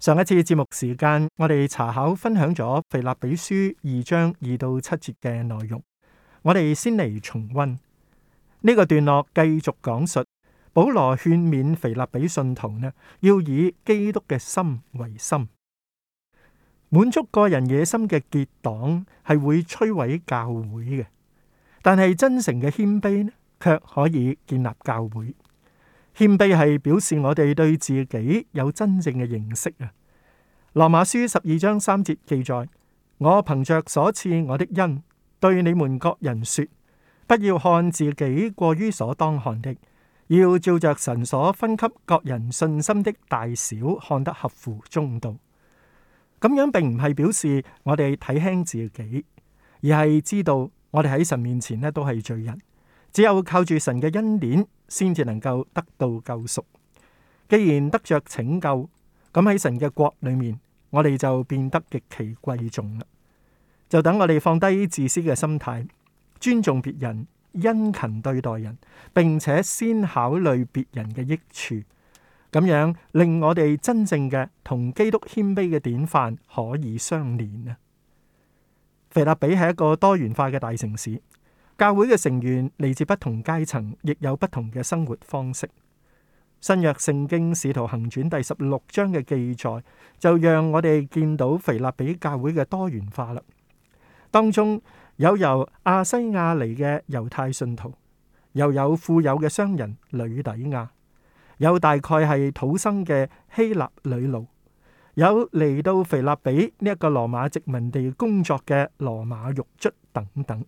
上一次節目時間，我哋查考分享咗腓立比書二章二到七節嘅內容。我哋先嚟重温呢、這個段落，繼續講述保羅勸勉腓立比信徒呢，要以基督嘅心為心，滿足個人野心嘅結黨係會摧毀教會嘅，但係真誠嘅謙卑呢，卻可以建立教會。謙卑係表示我哋對自己有真正嘅認識啊。羅馬書十二章三節記載：我憑着所賜我的恩，對你們各人說，不要看自己過於所當看的，要照着神所分給各人信心的大小，看得合乎中道。咁樣並唔係表示我哋睇輕自己，而係知道我哋喺神面前呢都係罪人，只有靠住神嘅恩典。先至能夠得到救贖。既然得着拯救，咁喺神嘅國裏面，我哋就變得極其貴重啦。就等我哋放低自私嘅心態，尊重別人，殷勤對待人，並且先考慮別人嘅益處，咁樣令我哋真正嘅同基督謙卑嘅典範可以相連啊！腓立比係一個多元化嘅大城市。教會嘅成員嚟自不同階層，亦有不同嘅生活方式。新約聖經使徒行傳第十六章嘅記載，就讓我哋見到腓立比教會嘅多元化啦。當中有由亞西亞嚟嘅猶太信徒，又有，有富有嘅商人呂底亞，有大概係土生嘅希臘女奴，有嚟到腓立比呢一個羅馬殖民地工作嘅羅馬獄卒等等。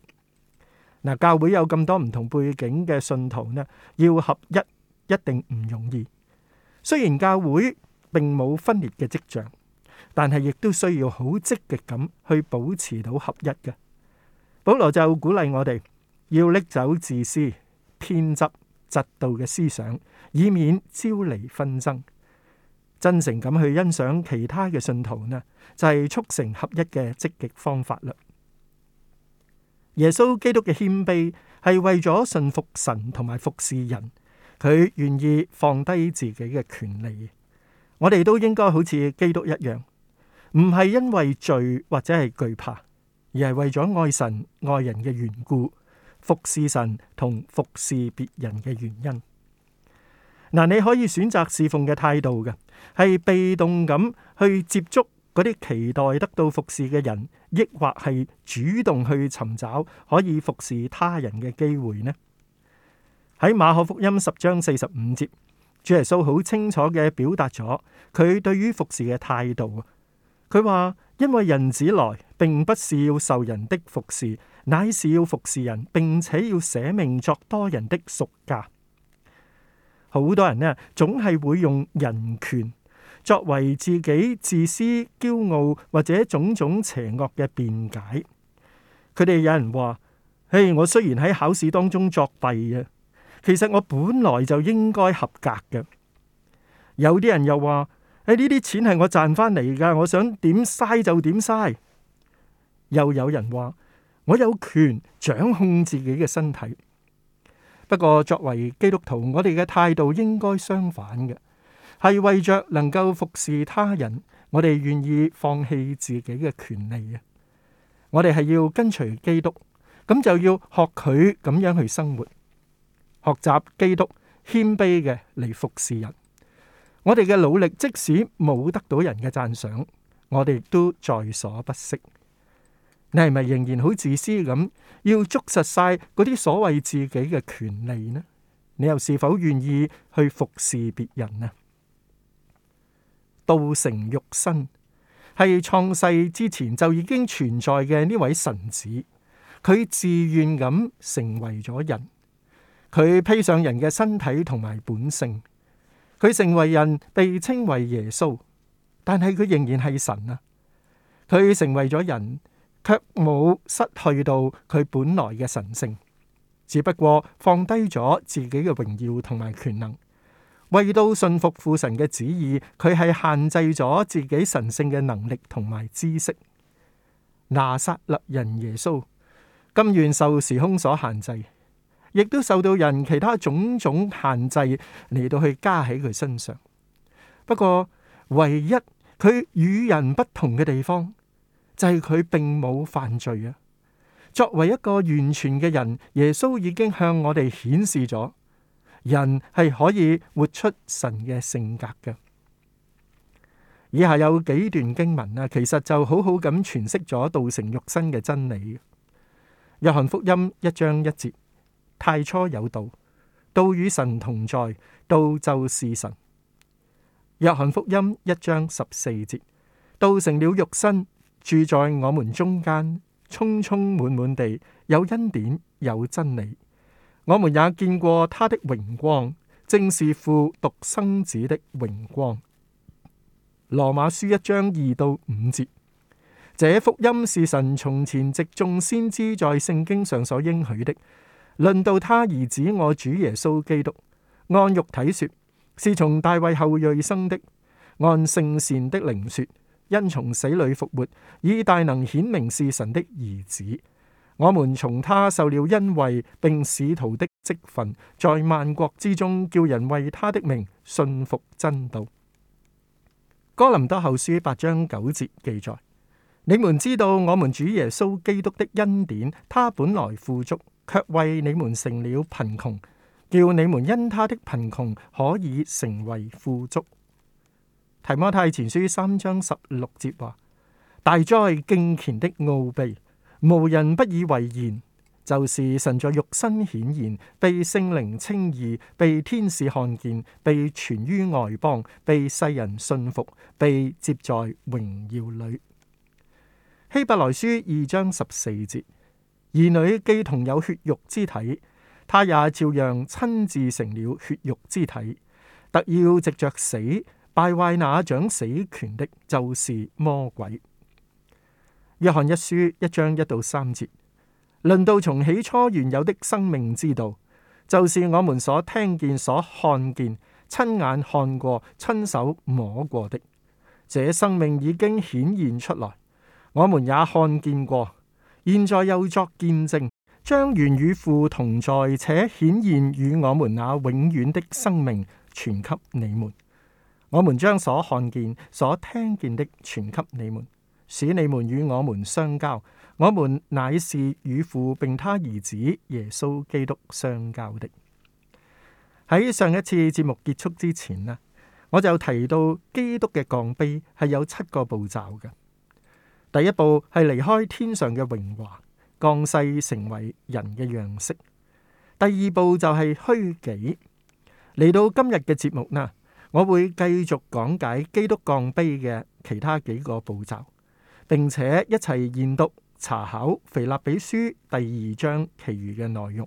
嗱，教會有咁多唔同背景嘅信徒呢，要合一一定唔容易。雖然教會並冇分裂嘅跡象，但係亦都需要好積極咁去保持到合一嘅。保羅就鼓勵我哋要拎走自私、偏執、嫉妒嘅思想，以免招嚟紛爭。真誠咁去欣賞其他嘅信徒呢，就係促成合一嘅積極方法啦。耶穌基督嘅謙卑係為咗信服神同埋服侍人，佢願意放低自己嘅權利。我哋都應該好似基督一樣，唔係因為罪或者係懼怕，而係為咗愛神愛人嘅緣故，服侍神同服侍別人嘅原因。嗱，你可以選擇侍奉嘅態度嘅，係被動咁去接觸。嗰啲期待得到服侍嘅人，抑或係主動去尋找可以服侍他人嘅機會呢？喺馬可福音十章四十五節，主耶穌好清楚嘅表達咗佢對於服侍嘅態度。佢話：因為人子來，並不是要受人的服侍，乃是要服侍人，並且要捨命作多人的贖價。好多人呢，總係會用人權。作為自己自私、驕傲或者種種邪惡嘅辯解，佢哋有人話：誒，我雖然喺考試當中作弊啊，其實我本來就應該合格嘅。有啲人又話：誒，呢啲錢係我賺翻嚟噶，我想點嘥就點嘥。又有人話：我有權掌控自己嘅身體。不過，作為基督徒，我哋嘅態度應該相反嘅。係為着能夠服侍他人，我哋願意放棄自己嘅權利嘅。我哋係要跟隨基督，咁就要學佢咁樣去生活，學習基督謙卑嘅嚟服侍人。我哋嘅努力即使冇得到人嘅讚賞，我哋都在所不惜。你係咪仍然好自私咁，要捉實晒嗰啲所謂自己嘅權利呢？你又是否願意去服侍別人呢？道成肉身，係創世之前就已經存在嘅呢位神子，佢自願咁成為咗人，佢披上人嘅身體同埋本性，佢成為人被稱為耶穌，但係佢仍然係神啊！佢成為咗人，卻冇失去到佢本來嘅神聖，只不過放低咗自己嘅榮耀同埋權能。為到信服父神嘅旨意，佢係限制咗自己神聖嘅能力同埋知識。拿撒勒人耶穌，甘願受時空所限制，亦都受到人其他種種限制嚟到去加喺佢身上。不過唯一佢與人不同嘅地方，就係、是、佢並冇犯罪啊。作為一個完全嘅人，耶穌已經向我哋顯示咗。人係可以活出神嘅性格嘅。以下有幾段經文啊，其實就好好咁詮釋咗道成肉身嘅真理。約翰福音一章一節：太初有道，道與神同在，道就是神。約翰福音一章十四節：道成了肉身，住在我們中間，充充滿滿地，有恩典，有真理。我們也見過他的榮光，正是父獨生子的榮光。羅馬書一章二到五節，這福音是神從前藉眾先知在聖經上所應許的，論到他兒子我主耶穌基督。按肉體說，是從大衛後裔生的；按聖善的靈說，因從死裏復活，以大能顯明是神的兒子。我們從他受了恩惠，並使徒的職分，在萬國之中叫人為他的名信服真道。哥林多後書八章九節記載：你們知道我們主耶穌基督的恩典，他本來富足，卻為你們成了貧窮，叫你們因他的貧窮可以成為富足。提摩太前書三章十六節話：大哉，敬虔的奧祕！無人不以為然。就是神在肉身顯現，被聖靈稱義，被天使看見，被傳於外邦，被世人信服，被接在榮耀裏。希伯來書二章十四節，兒女既同有血肉之體，他也照樣親自成了血肉之體，特要藉着死敗壞那掌死權的，就是魔鬼。約翰一書一章一到三節，論到從起初原有的生命之道，就是我們所聽見、所看見、親眼看過、親手摸過的這生命已經顯現出來，我們也看見過，現在又作見證，將原與父同在且顯現與我們那永遠的生命傳給你們。我們將所看見、所聽見的傳給你們。使你們與我們相交，我們乃是與父並他兒子耶穌基督相交的。喺上一次節目結束之前咧，我就提到基督嘅降卑係有七個步驟嘅。第一步係離開天上嘅榮華，降世成為人嘅樣式。第二步就係虛己。嚟到今日嘅節目啦，我會繼續講解基督降卑嘅其他幾個步驟。並且一齊研讀查考《腓立比書》第二章其餘嘅內容。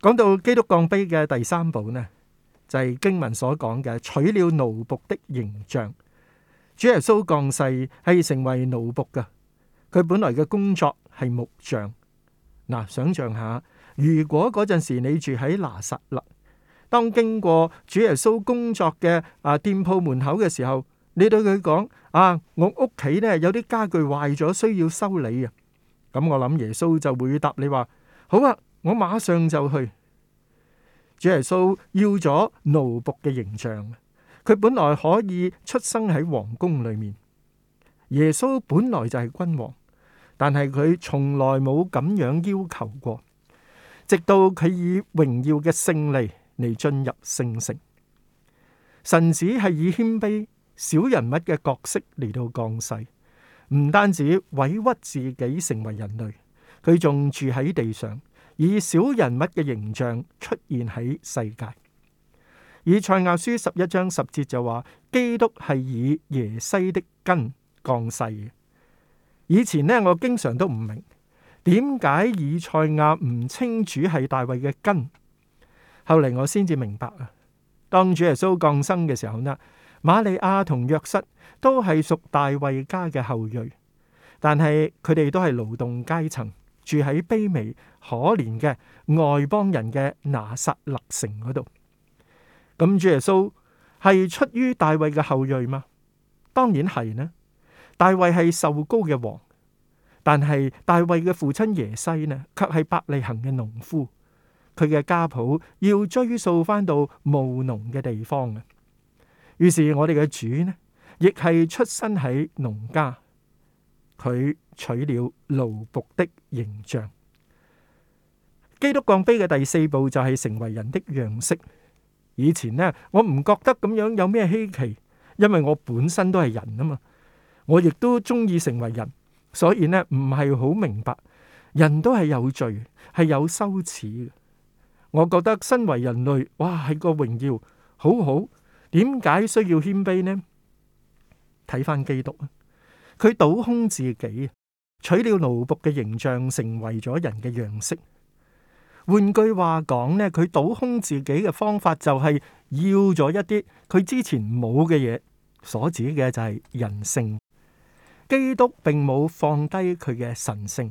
講到基督降卑嘅第三步呢，就係經文所講嘅取了奴僕的形象。主耶穌降世係成為奴僕噶，佢本來嘅工作係木匠。嗱，想象下，如果嗰陣時你住喺拿撒勒，當經過主耶穌工作嘅啊店鋪門口嘅時候。你對佢講啊，我屋企呢有啲家具壞咗，需要修理啊。咁我諗耶穌就會答你話：好啊，我馬上就去。主耶穌要咗奴僕嘅形象，佢本來可以出生喺皇宮裏面。耶穌本來就係君王，但係佢從來冇咁樣要求過。直到佢以榮耀嘅勝利嚟進入聖城，神子係以謙卑小人物嘅角色嚟到降世，唔單止委屈自己成為人類，佢仲住喺地上，以小人物嘅形象出現喺世界。以賽亞書十一章十節就話：基督係以耶西的根降世嘅。以前呢，我經常都唔明點解以賽亞唔清楚係大衛嘅根。後嚟我先至明白啊，當主耶穌降生嘅時候呢。瑪利亞同約瑟都係屬大衛家嘅後裔，但係佢哋都係勞動階層，住喺卑微可憐嘅外邦人嘅拿撒勒城嗰度。咁主耶穌係出於大衛嘅後裔嗎？當然係啦。大衛係受膏嘅王，但係大衛嘅父親耶西呢，卻係伯利恒嘅農夫。佢嘅家譜要追溯翻到務農嘅地方嘅。於是我哋嘅主呢，亦係出身喺農家，佢取了奴僕的形象。基督降卑嘅第四步就係成為人的樣式。以前呢，我唔覺得咁樣有咩稀奇，因為我本身都係人啊嘛，我亦都中意成為人，所以呢唔係好明白人都係有罪，係有羞恥嘅。我覺得身為人類，哇係個榮耀，好好。點解需要謙卑呢？睇翻基督啊，佢倒空自己，取了奴僕嘅形象，成為咗人嘅樣式。換句話講呢，佢倒空自己嘅方法就係要咗一啲佢之前冇嘅嘢。所指嘅就係人性。基督並冇放低佢嘅神性，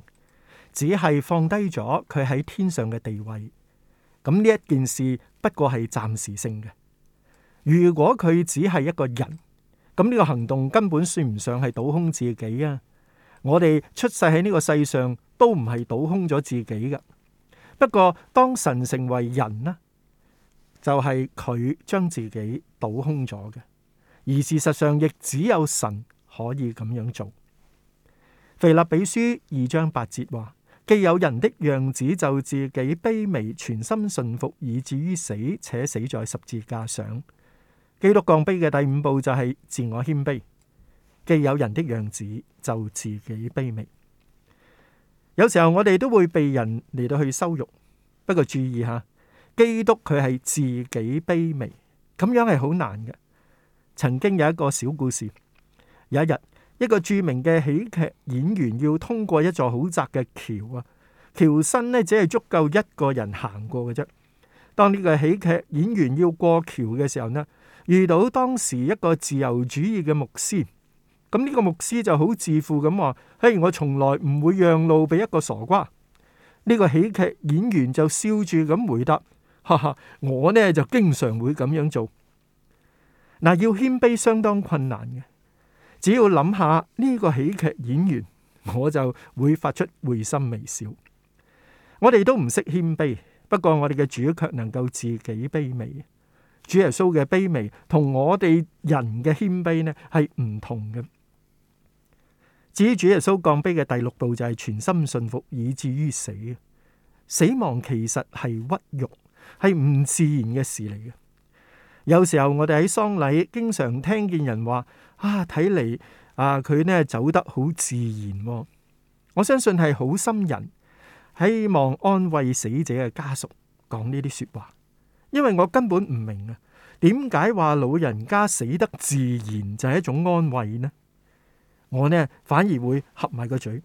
只係放低咗佢喺天上嘅地位。咁呢一件事不過係暫時性嘅。如果佢只係一個人，咁呢個行動根本算唔上係倒空自己啊！我哋出世喺呢個世上都唔係倒空咗自己噶。不過當神成為人呢，就係、是、佢將自己倒空咗嘅。而事實上，亦只有神可以咁樣做。腓立比書二章八節話：既有人的樣子，就自己卑微，全心順服，以至於死，且死在十字架上。基督降卑嘅第五步就係自我謙卑，既有人的樣子，就自己卑微。有時候我哋都會被人嚟到去羞辱，不過注意下，基督佢係自己卑微，咁樣係好難嘅。曾經有一個小故事，有一日一個著名嘅喜劇演員要通過一座好窄嘅橋啊，橋身呢，只係足夠一個人行過嘅啫。當呢個喜劇演員要過橋嘅時候呢，遇到當時一個自由主義嘅牧師，咁、這、呢個牧師就好自負咁話：嘿，我從來唔會讓路俾一個傻瓜。呢、這個喜劇演員就笑住咁回答：哈哈，我呢就經常會咁樣做。嗱，要謙卑相當困難嘅，只要諗下呢個喜劇演員，我就會發出會心微笑。我哋都唔識謙卑，不過我哋嘅主卻能夠自己卑微。主耶穌嘅卑微同我哋人嘅謙卑呢係唔同嘅。至於主耶穌降卑嘅第六步就係全心信服以至於死。死亡其實係屈辱，係唔自然嘅事嚟嘅。有時候我哋喺喪禮經常聽見人話啊，睇嚟啊，佢呢走得好自然。我相信係好心人希望安慰死者嘅家屬講呢啲說話。因為我根本唔明啊，點解話老人家死得自然就係一種安慰呢？我呢反而會合埋個嘴，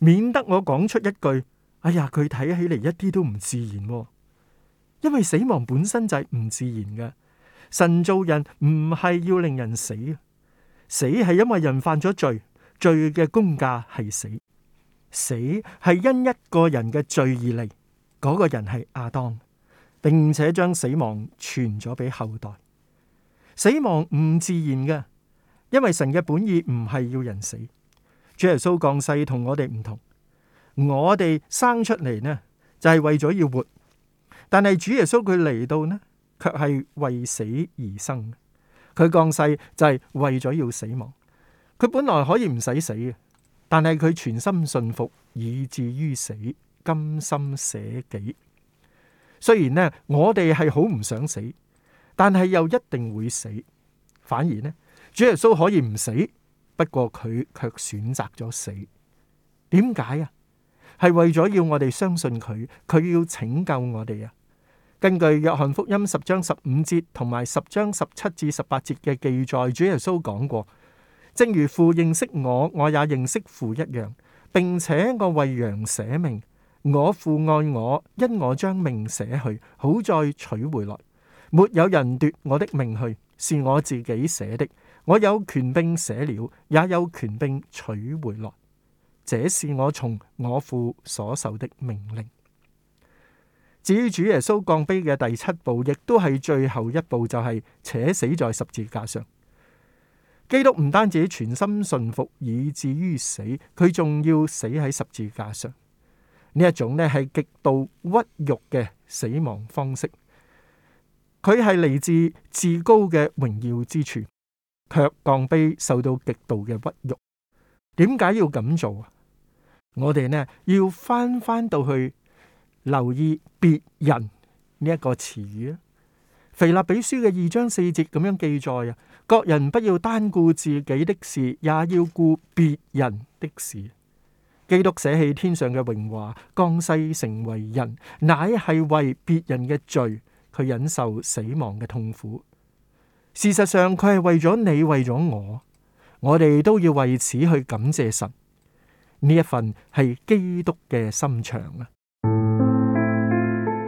免得我講出一句：哎呀，佢睇起嚟一啲都唔自然。因為死亡本身就係唔自然嘅。神造人唔係要令人死嘅，死係因為人犯咗罪，罪嘅公價係死。死係因一個人嘅罪而嚟，嗰個人係亞當。並且將死亡傳咗俾後代，死亡唔自然嘅，因為神嘅本意唔係要人死。主耶穌降世同我哋唔同，我哋生出嚟，呢就係為咗要活，但係主耶穌佢嚟到呢，卻係為死而生。佢降世就係為咗要死亡，佢本來可以唔使死，但係佢全心信服以至於死，甘心捨己。雖然呢，我哋係好唔想死，但係又一定會死。反而呢，主耶穌可以唔死，不過佢卻選擇咗死。點解啊？係為咗要我哋相信佢，佢要拯救我哋啊！根據約翰福音十章十五節同埋十章十七至十八節嘅記載，主耶穌講過：「正如父認識我，我也認識父一樣，並且我為羊捨命。我父愛我，因我將命捨去，好再取回來。沒有人奪我的命去，是我自己捨的。我有權柄捨了，也有權柄取回來。這是我從我父所受的命令。至於主耶穌降卑嘅第七步，亦都係最後一步，就係、是、且死在十字架上。基督唔單止全心順服，以至於死，佢仲要死喺十字架上。呢一種咧係極度屈辱嘅死亡方式，佢係嚟自至高嘅榮耀之處，卻降卑受到極度嘅屈辱。點解要咁做啊？我哋呢要翻翻到去留意別人呢一個詞語啊。腓立比書嘅二章四節咁樣記載啊，各人不要單顧自己的事，也要顧別人的事。基督捨棄天上嘅榮華，降世成為人，乃係為別人嘅罪，佢忍受死亡嘅痛苦。事實上，佢係為咗你，為咗我，我哋都要為此去感謝神。呢一份係基督嘅心腸啊！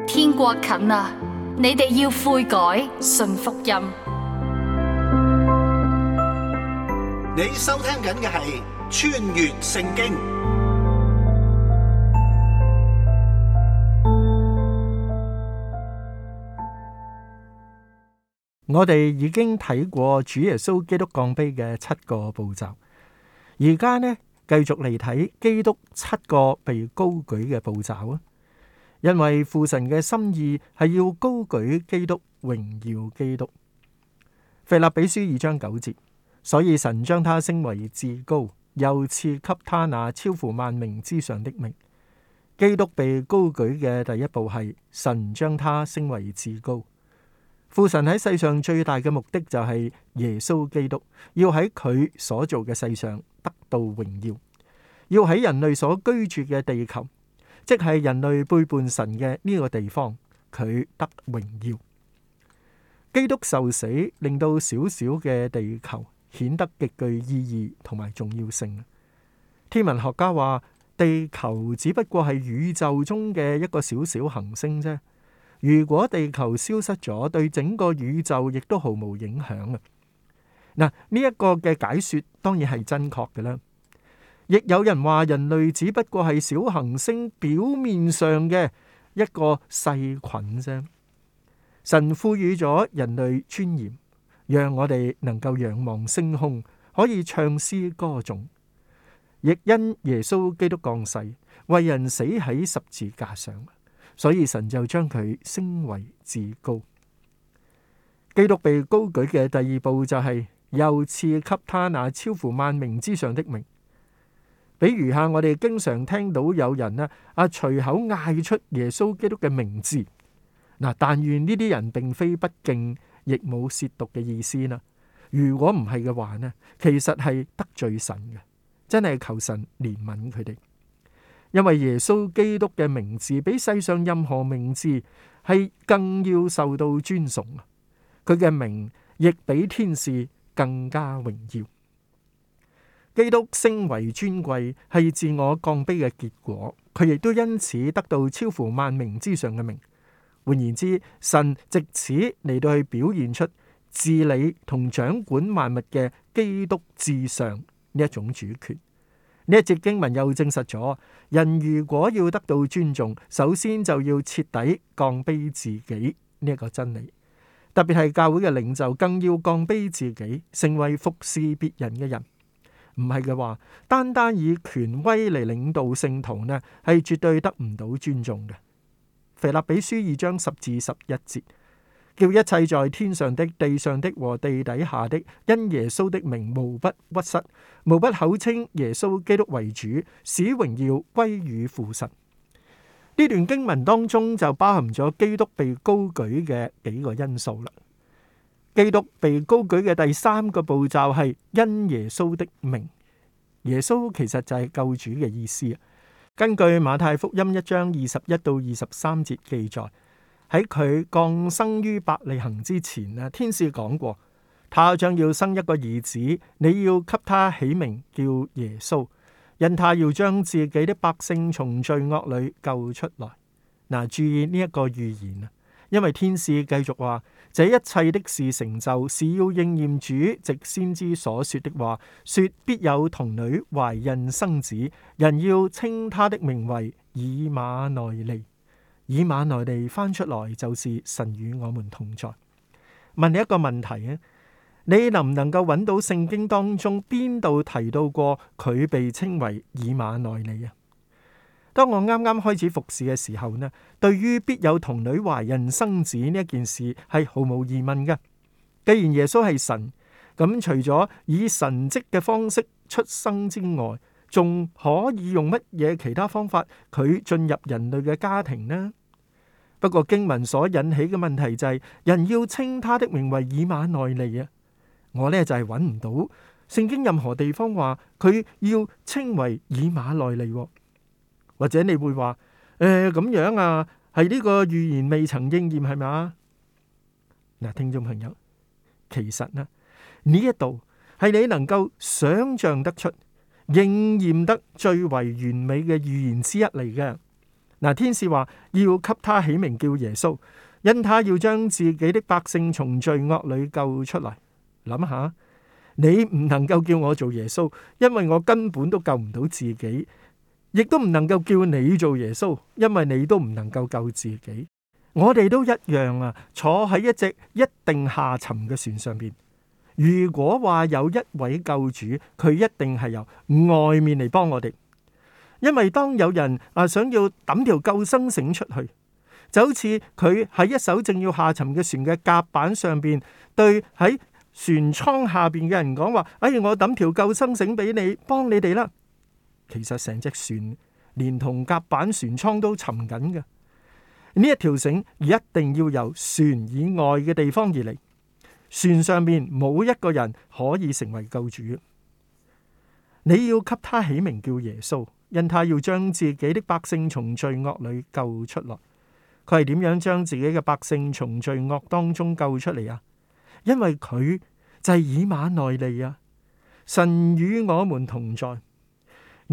天國近啦，你哋要悔改，信福音。你收聽緊嘅係穿越聖經。我哋已經睇過主耶穌基督降卑嘅七個步驟，而家呢，繼續嚟睇基督七個被高舉嘅步驟啊！因為父神嘅心意係要高舉基督，榮耀基督。腓立比書二章九節，所以神將他升為至高，又賜給他那超乎萬名之上的名。基督被高舉嘅第一步係神將他升為至高。父神喺世上最大嘅目的就係耶穌基督要喺佢所做嘅世上得到榮耀，要喺人類所居住嘅地球，即係人類背叛神嘅呢個地方，佢得榮耀。基督受死令到小小嘅地球顯得極具意義同埋重要性。天文學家話，地球只不過係宇宙中嘅一個小小行星啫。如果地球消失咗，對整個宇宙亦都毫無影響啊！嗱，呢一個嘅解說當然係真確嘅啦。亦有人話人類只不過係小行星表面上嘅一個細菌啫。神賦予咗人類尊嚴，讓我哋能夠仰望星空，可以唱詩歌頌，亦因耶穌基督降世，為人死喺十字架上。所以神就將佢升為至高。基督被高舉嘅第二步就係又賜給他那超乎萬名之上的名。比如下，我哋經常聽到有人咧啊，隨口嗌出耶穌基督嘅名字。嗱，但願呢啲人並非不敬，亦冇褻瀆嘅意思啦。如果唔係嘅話呢，其實係得罪神嘅，真係求神憐憫佢哋。因為耶穌基督嘅名字比世上任何名字係更要受到尊崇啊！佢嘅名亦比天使更加榮耀。基督升為尊貴係自我降卑嘅結果，佢亦都因此得到超乎萬名之上嘅名。換言之，神借此嚟到去表現出治理同掌管萬物嘅基督至上呢一種主權。呢一節經文又證實咗，人如果要得到尊重，首先就要徹底降卑自己呢一個真理。特別係教會嘅領袖，更要降卑自己，成為服侍別人嘅人。唔係嘅話，單單以權威嚟領導聖徒呢，係絕對得唔到尊重嘅。腓立比書二章十至十一節。叫一切在天上的、地上的和地底下的，因耶穌的名，無不屈膝，無不口稱耶穌基督為主，使榮耀歸於父神。呢段經文當中就包含咗基督被高舉嘅幾個因素啦。基督被高舉嘅第三個步驟係因耶穌的名。耶穌其實就係救主嘅意思啊。根據馬太福音一章二十一到二十三節記載。喺佢降生於伯利恆之前咧，天使講過，他將要生一個兒子，你要給他起名叫耶穌。因他要將自己的百姓從罪惡裏救出來。嗱，注意呢一個預言啊，因為天使繼續話：這一切的事成就，是要應驗主藉先知所說的話，說必有童女懷孕生子，人要稱他的名為以馬內利。以馬內利翻出來就是神與我們同在。問你一個問題啊，你能唔能夠揾到聖經當中邊度提到過佢被稱為以馬內利啊？當我啱啱開始服侍嘅時候呢，對於必有童女懷孕生子呢一件事係毫無疑問嘅。既然耶穌係神，咁除咗以神跡嘅方式出生之外，仲可以用乜嘢其他方法佢進入人類嘅家庭呢？不過經文所引起嘅問題就係，人要稱他的名為以馬內利啊！我呢就係揾唔到聖經任何地方話佢要稱為以馬內利，或者你會話，誒咁樣啊？係呢個預言未曾應驗係咪啊？嗱，聽眾朋友，其實呢呢一度係你能夠想象得出，應驗得最為完美嘅預言之一嚟嘅，嗱，天使話要給他起名叫耶穌，因他要將自己的百姓從罪惡裏救出來。諗下，你唔能夠叫我做耶穌，因為我根本都救唔到自己，亦都唔能夠叫你做耶穌，因為你都唔能夠救自己。我哋都一樣啊，坐喺一隻一定下沉嘅船上邊。如果話有一位救主，佢一定係由外面嚟幫我哋，因為當有人啊想要揼條救生繩出去，就好似佢喺一艘正要下沉嘅船嘅甲板上邊，對喺船艙下邊嘅人講話：「哎，我揼條救生繩俾你，幫你哋啦。其實成隻船連同甲板、船艙都沉緊嘅，呢一條繩一定要由船以外嘅地方而嚟。船上面冇一個人可以成為救主。你要給他起名叫耶穌，因他要將自己的百姓從罪惡裏救出嚟。佢係點樣將自己嘅百姓從罪惡當中救出嚟啊？因為佢就係以馬內利啊！神與我們同在。呢、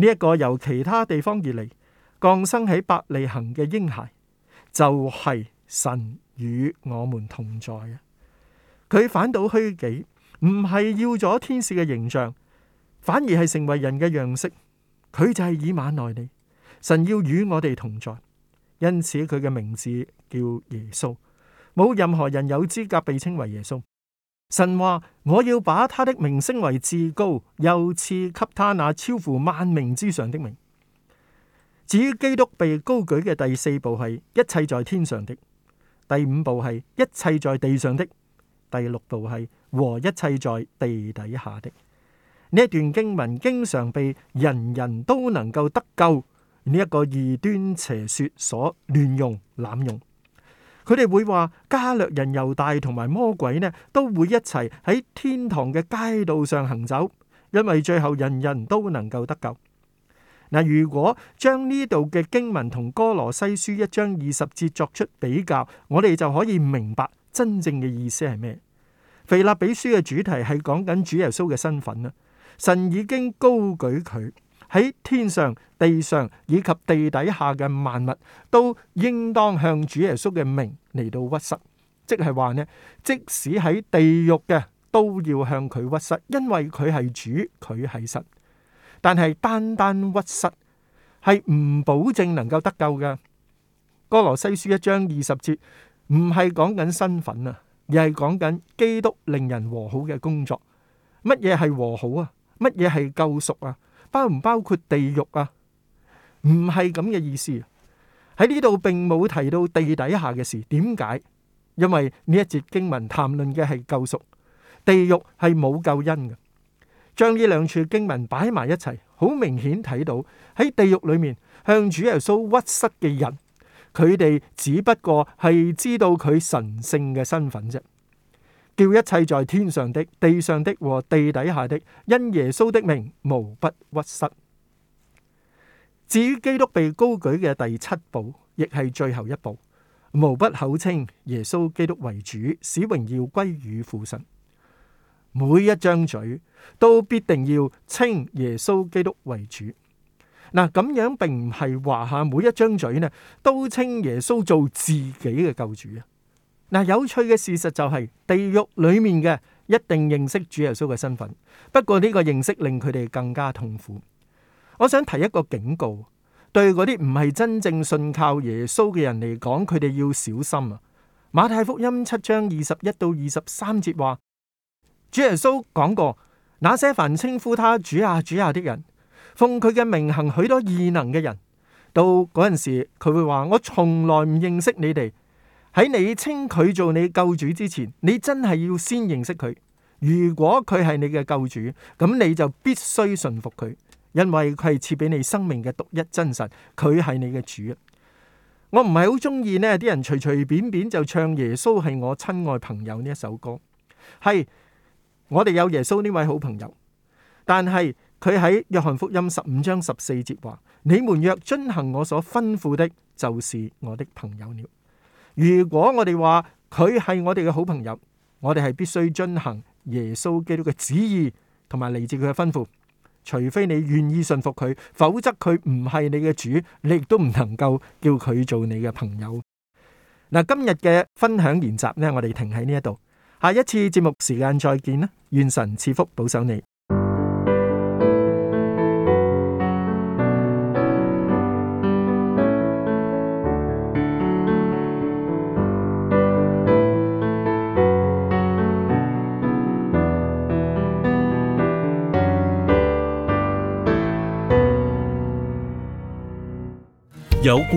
這、一個由其他地方而嚟降生喺伯利恆嘅嬰孩，就係、是、神與我們同在啊！佢反倒虛己，唔係要咗天使嘅形象，反而係成為人嘅樣式。佢就係以馬內利。神要與我哋同在，因此佢嘅名字叫耶穌。冇任何人有資格被稱為耶穌。神話，我要把他的名升為至高，又賜給他那超乎萬名之上的名。至於基督被高舉嘅第四步係一切在天上的，第五步係一切在地上的。第六部係和一切在地底下的。呢一段經文，經常被人人都能夠得救呢一個異端邪說所亂用濫用。佢哋會話加略人猶大同埋魔鬼呢，都會一齊喺天堂嘅街道上行走，因為最後人人都能夠得救。嗱，如果將呢度嘅經文同哥羅西書一章二十節作出比較，我哋就可以明白。真正嘅意思係咩？腓立比書嘅主題係講緊主耶穌嘅身份啦。神已經高舉佢喺天上、地上以及地底下嘅萬物都應當向主耶穌嘅名嚟到屈膝，即係話呢，即使喺地獄嘅都要向佢屈膝，因為佢係主，佢係神。但係單單屈膝係唔保證能夠得救噶。哥羅西書一章二十節。唔係講緊身份啊，而係講緊基督令人和好嘅工作。乜嘢係和好啊？乜嘢係救贖啊？包唔包括地獄啊？唔係咁嘅意思。喺呢度並冇提到地底下嘅事。點解？因為呢一節經文談論嘅係救贖，地獄係冇救恩嘅。將呢兩處經文擺埋一齊，好明顯睇到喺地獄裡面向主耶穌屈膝嘅人。佢哋只不過係知道佢神聖嘅身份啫，叫一切在天上的、地上的和地底下的，因耶穌的名，無不屈膝。至於基督被高舉嘅第七步，亦係最後一步，無不口稱耶穌基督為主，使榮耀歸於父神。每一張嘴都必定要稱耶穌基督為主。嗱咁樣並唔係話下每一張嘴呢都稱耶穌做自己嘅救主啊！嗱，有趣嘅事實就係地獄裏面嘅一定認識主耶穌嘅身份，不過呢個認識令佢哋更加痛苦。我想提一個警告，對嗰啲唔係真正信靠耶穌嘅人嚟講，佢哋要小心啊！馬太福音七章二十一到二十三節話，主耶穌講過，那些凡稱呼他主啊主啊的人。奉佢嘅名行許多異能嘅人，到嗰陣時佢會話：我從來唔認識你哋。喺你稱佢做你救主之前，你真係要先認識佢。如果佢係你嘅救主，咁你就必須順服佢，因為佢係賜俾你生命嘅獨一真神。佢係你嘅主。我唔係好中意呢啲人隨隨便便便就唱耶穌係我親愛朋友呢一首歌。係，我哋有耶穌呢位好朋友，但係。佢喺約翰福音十五章十四節話：你們若遵行我所吩咐的，就是我的朋友了。如果我哋話佢係我哋嘅好朋友，我哋係必須遵行耶穌基督嘅旨意同埋嚟自佢嘅吩咐。除非你願意信服佢，否則佢唔係你嘅主，你亦都唔能夠叫佢做你嘅朋友。嗱，今日嘅分享研習呢，我哋停喺呢一度，下一次節目時間再見啦。願神賜福保守你。